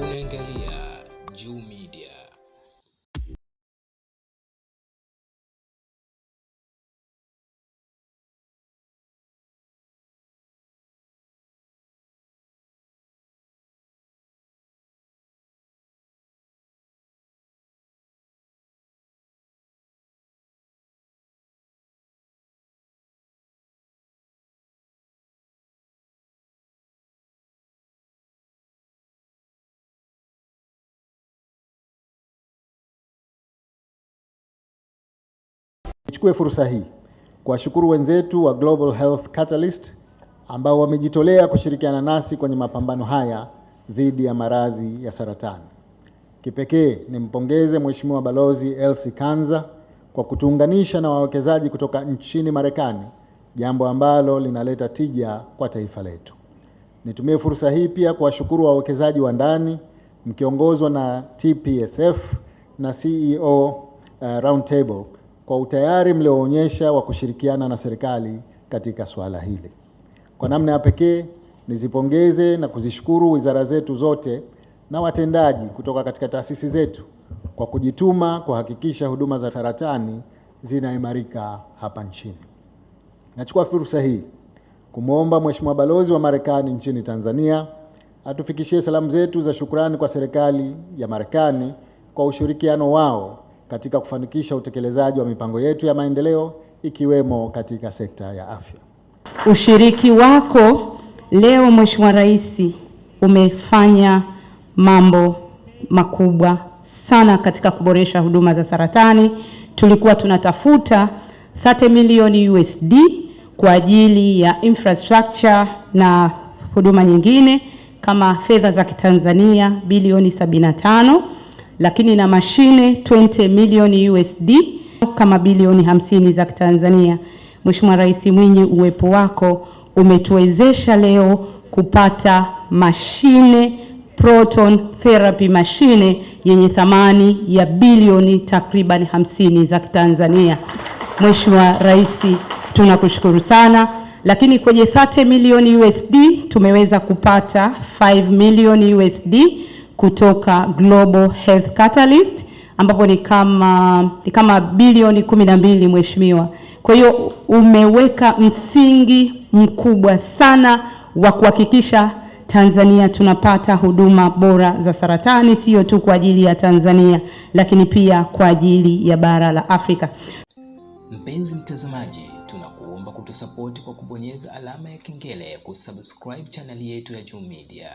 unaangalia Juu Media. Nichukue fursa hii kuwashukuru wenzetu wa Global Health Catalyst ambao wamejitolea kushirikiana nasi kwenye mapambano haya dhidi ya maradhi ya saratani. Kipekee nimpongeze Mheshimiwa Balozi Elsie Kanza kwa kutuunganisha na wawekezaji kutoka nchini Marekani, jambo ambalo linaleta tija kwa taifa letu. Nitumie fursa hii pia kuwashukuru wawekezaji wa ndani mkiongozwa na TPSF na CEO uh, eh, Roundtable kwa utayari mlioonyesha wa kushirikiana na serikali katika suala hili. Kwa namna ya pekee nizipongeze na kuzishukuru wizara zetu zote na watendaji kutoka katika taasisi zetu kwa kujituma kuhakikisha huduma za saratani zinaimarika hapa nchini. Nachukua fursa hii kumwomba Mheshimiwa Balozi wa Marekani nchini Tanzania atufikishie salamu zetu za shukrani kwa serikali ya Marekani kwa ushirikiano wao katika kufanikisha utekelezaji wa mipango yetu ya maendeleo ikiwemo katika sekta ya afya. Ushiriki wako leo Mheshimiwa Rais umefanya mambo makubwa sana katika kuboresha huduma za saratani. Tulikuwa tunatafuta 30 milioni USD kwa ajili ya infrastructure na huduma nyingine kama fedha za Kitanzania bilioni 75 lakini na mashine 20 milioni USD kama bilioni 50 za Tanzania. Mheshimiwa Rais Mwinyi, uwepo wako umetuwezesha leo kupata mashine proton therapy mashine yenye thamani ya bilioni takriban hamsini za Tanzania. Mheshimiwa Rais, tunakushukuru sana lakini kwenye 30 milioni USD tumeweza kupata 5 milioni USD kutoka Global Health Catalyst ambapo ni kama ni kama bilioni kumi na mbili mheshimiwa. Kwa hiyo umeweka msingi mkubwa sana wa kuhakikisha Tanzania tunapata huduma bora za saratani, sio tu kwa ajili ya Tanzania, lakini pia kwa ajili ya bara la Afrika. Mpenzi mtazamaji, tunakuomba kutusapoti kwa kubonyeza alama ya kengele, kusubscribe channel yetu ya Juu Media.